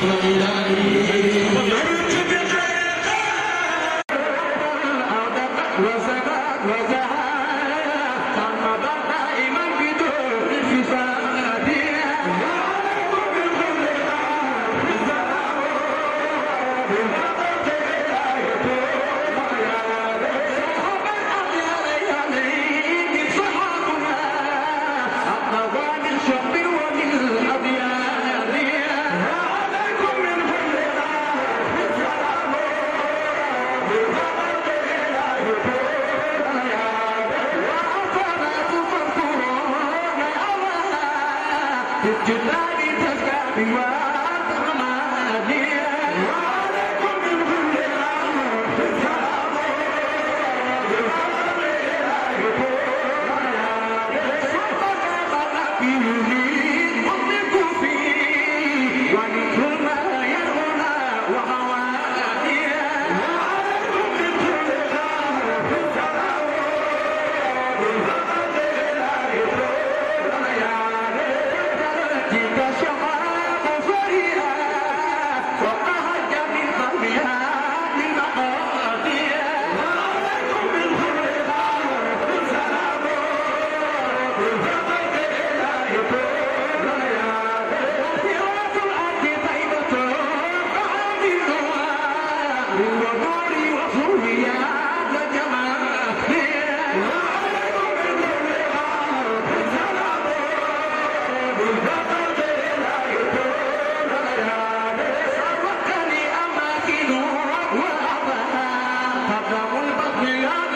لا إله إلا If your daddy has got me wild. Yeah.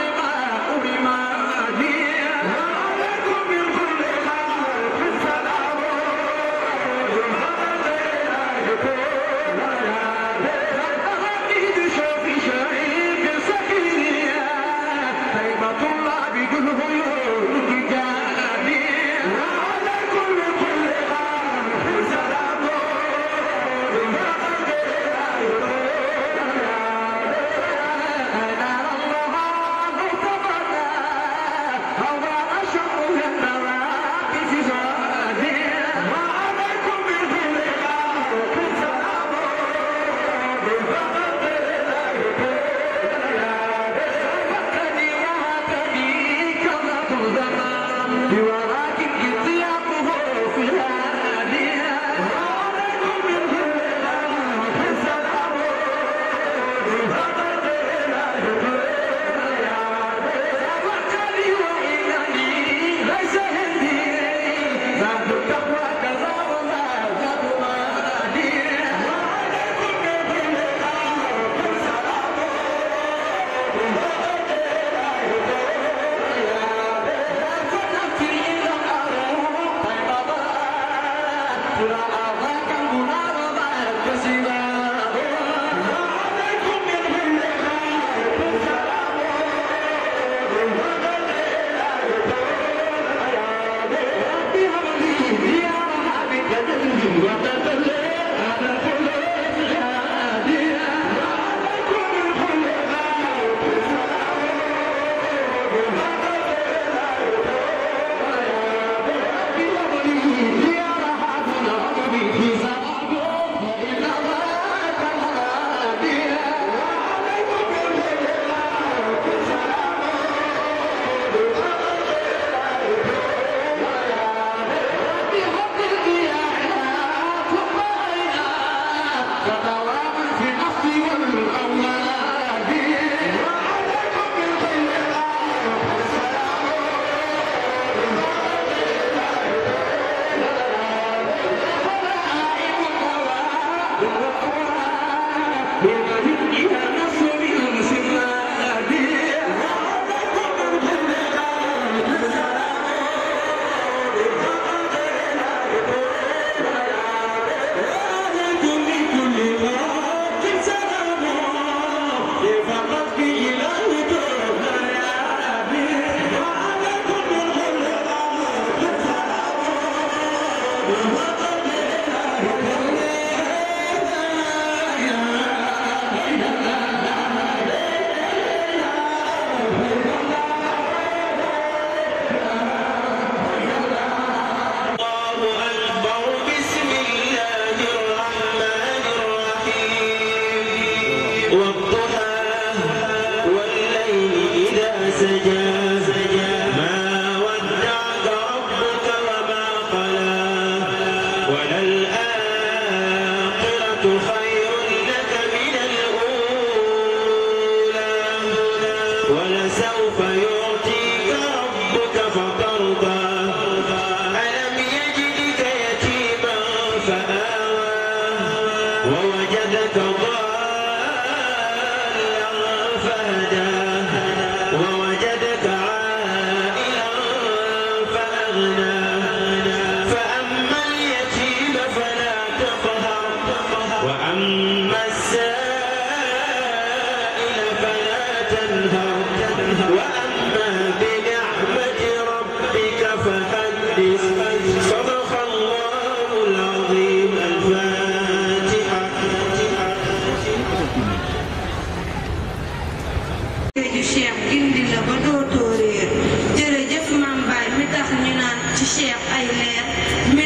leer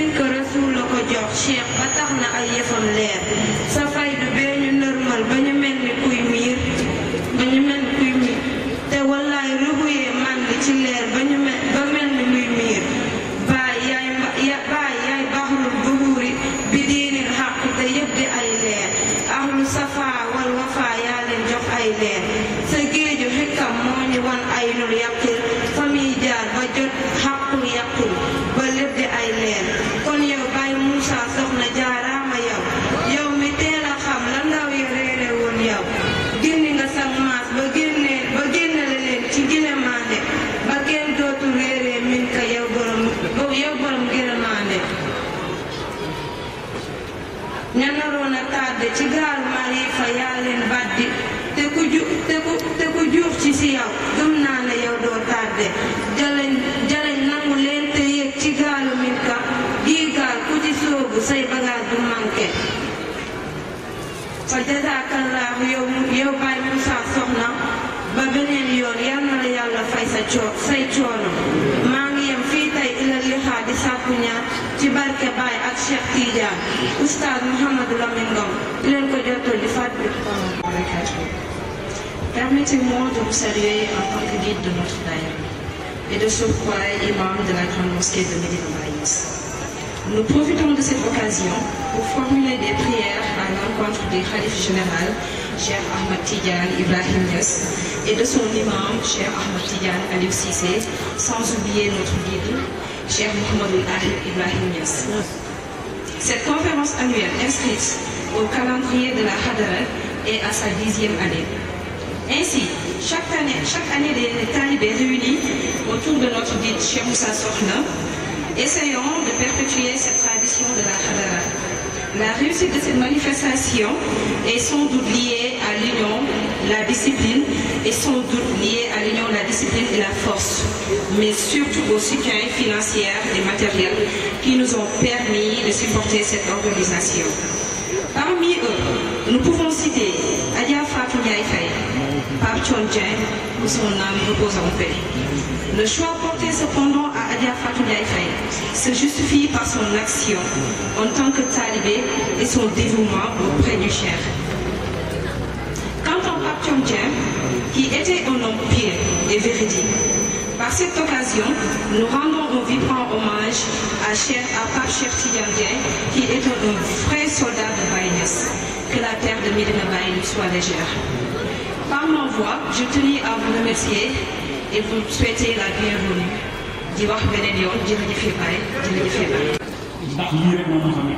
ci barke Baay ak Cheikh Tidiane oustaz Mouhamadou Lamine Ngom Permettez-moi de vous saluer en tant que guide de notre daïra et de surcroît imam de la grande mosquée de Médina Baye nous profitons de cette occasion pour formuler des prières à l'encontre du khalife général, Cheikh Ahmad Tidiane Ibrahim Niass, et de son imam, Cheikh Ahmad Tidiane Aliou Cissé, sans oublier notre guide, Cheikh Cette conférence annuelle inscrite au calendrier de la Hadara est à sa dixième année. Ainsi, chaque année, chaque année les autour de notre guide Cheikh Moussa essayons de perpétuer cette tradition de la Hadara. La réussite de cette manifestation est sans doute à l'union la discipline et sans doute lié à l'union de la discipline et la force, mais surtout au soutien financier et matériel qui nous ont permis de supporter cette organisation. Parmi eux, nous pouvons citer Adia Fatou Faye, Pape Chonjen, où son âme repose en Le choix porté cependant à Adia Fatou Faye se justifie par son action en tant que talibé et son dévouement auprès du cher. Thiongien, qui était un homme pieux et véridique. Par cette occasion, nous rendons un vibrant hommage à, Cher, à Pape Cher Tidjandien, qui est un vrai soldat de Baïnès. Que la terre de Médina soit légère. Par mon voix, je tenais à vous remercier et vous souhaiter la bienvenue di wax beneen yoon jërëjëf yi a nekkoon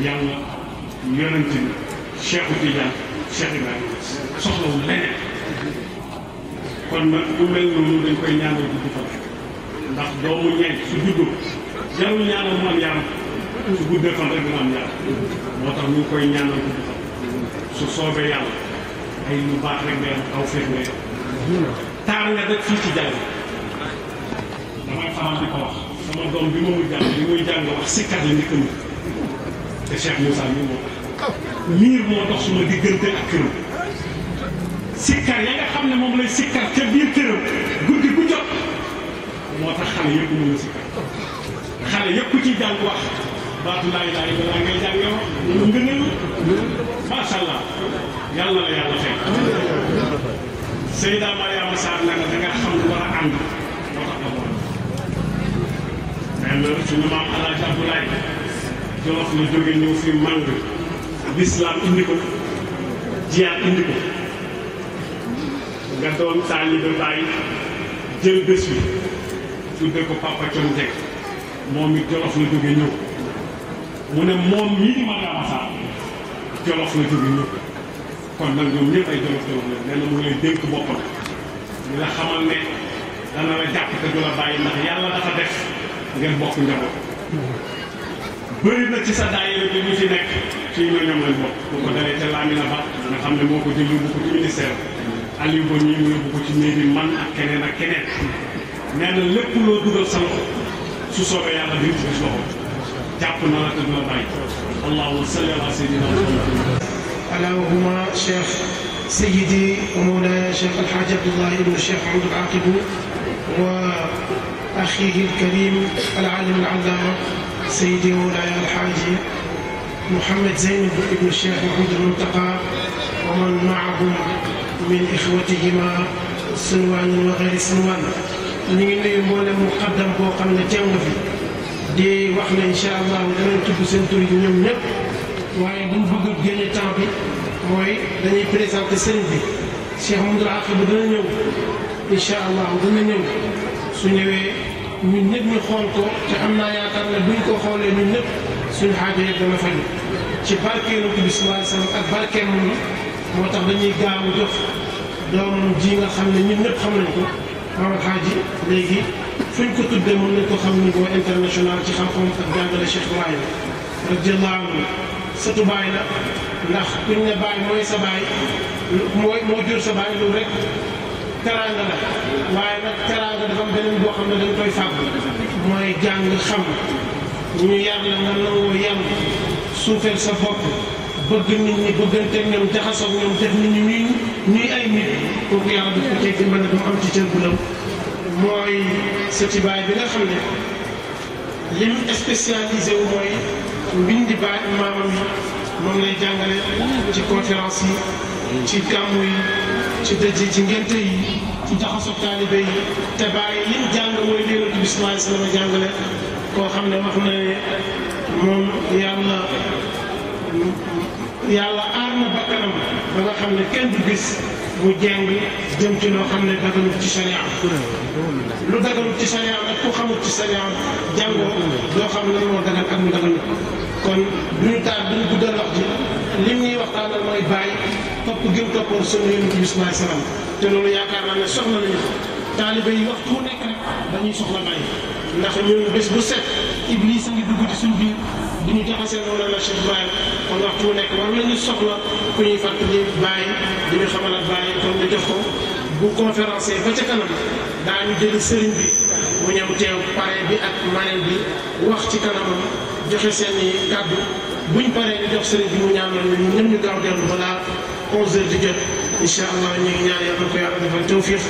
yàlla yonent bi Cheikh Cheikh Ibrahima soxlawul leneen kon man bu mel noonu dañ koy ñaanal guddi fan ndax doomu ñeent su juddoo jarul ñaanal mu yaram su guddee fan rek mu am koy ñaanal guddi fan su soobee yàlla ay nga rek fii di ko wax sama doom bi ma muy jàng li muy jàng wax sikkat la njëkk a te Cheikh Moussa mii moo tax miir moo dox suma diggante ak këram sikkar ya nga xam ne moom lay sikkar ca biir këram guddi a sikkar xale yëpp ku ci jàng wax baatu laay laay balaa ngay jànge wax mu ngën a macha allah yàlla la yàlla fay Seyda Mariama Sarr na nga da nga xam lu war a ànd moo tax amoon mais loolu suñu maam Alaaji Abdoulaye Jolof la jóge ñëw lislaam indi ko jiyaat indi ko nga doon taalibe Baay jël bés bi tudde ko Papa Thione Seck moom it Jolof la jóge ñëw mu ne moom mii di Mariama Jolof la jóge ñëw kon nag ñoom ñëpp ay Jolof Jolof la nee na mu ngi dénk boppam ñu la xamal ne dana la jàpp te du la bàyyi ndax yàlla dafa def ngeen bokk njaboot bëri na ci sa daayira bi ñu fi nekk ci ñooñam lañ bokk bu ko dalee ca Lamina Ba nga xam ne moo ko jël yóbbu ko ci ministère Aliou Ba ñii mu yóbbu ko ci néeg bi man ak keneen ak keneen nee na lépp loo dugal sa loxo su soobee yàlla di ci gis loxo jàpp na la te du la bàyyi allahumma salli ala sayyidina allahumma cheikh sayyidi wa mawlaya cheikh alhaji abdullah ibn cheikh Abdou Aqib wa akhihi alkarim alalim alallama sayyidi wa mawlaya alhaji محمد زين بن الشيخ محمد المنتقى ومن معهم من إخوتهما سنوان وغير سنوان ñu ngi nuyu mboolem muqaddam boo xam ne teew nga fi di wax ne incha allah danañ tudd seen tur yi ñoom ñëpp waaye buñ bëgg a génne temps bi mooy dañuy présenté sëriñ bi Cheikh Mamadou Aqiba dana ñëw incha allah dana ñëw su ñëwee ñun ñëpp ñu xool ko te am naa yaakaar ne buñ ko xoolee ñun ñëpp. suñu xaajo yëpp dana faju ci barkeelu bi sallallahu alayhi wasallam ak barkeelu ni moo tax dañuy gaaw jox doomam ji nga xam ne ñun ñëpp xam nañ ko maam xaaji léegi fuñ ko tuddee mën nañ ko xam niveau international ci xam-xam ak jàngale Cheikh Baye radiyallahu anhu sëtu baay la ndax kuñ ne baay mooy sa baay mooy moo jur sa baay lu rek teraanga la waaye nag teraanga dafa am beneen boo xam ne dañ koy fàgg mooy jàng xam ñu yàlla nga nangoo yem suufeel sa bopp bëgg nit ñi bëgganteeg ñoom jaxasoog ñoom def nit ñi ñuy ay nit kooku yàlla daf ko cay dimbale am ci cër bu lëm mooy sëti baay bi nga xam ne ci conférence yi ci gàmmu yi dëj ci ngénte yi ci jaxasoog yi te bàyyi li mu jàng mooy léeral bi bisimilah si la jàngale ko xam ne wax na ne moom yàlla yàlla aar na bakkanam ba nga xam ne kenn du gis mu jeng jëm loo xam ne daganut ci sharia lu daganut ci sharia ak ku xamut ci sharia jàngoo doo xam ne moo dagan ak mu daganut kon duñu taal duñu guddal wax ji li ñuy waxtaanal mooy bàyyi topp gi mu toppoon sunna Yonent bi sallallahu alayhi wasallam te loolu yaakaar naa ne soxla nañu taalibe yi waxtu nekk rek dañuy soxla bàyyi ndax ñun bés bu set iblis ngi dugg ci suñ biir di ñu jaxasee noonu la Cheikh Ibrahim kon waxtu bu nekk war ñu soxla ku ñuy fàttali bàyyi di ñu xamal ak bàyyi kon ñu jox ko bu conférence ba ca kanam daañu sëriñ bi mu ñëw teew bi ak manel bi ci kanamam joxe seen i kàddu buñ paree ñu jox sëriñ bi mu ñaanal ñu ñëpp ñu gaaw dellu balaa 11 heures di jot incha allah ñu ngi ñaan yàlla ko yàlla defal tawfiq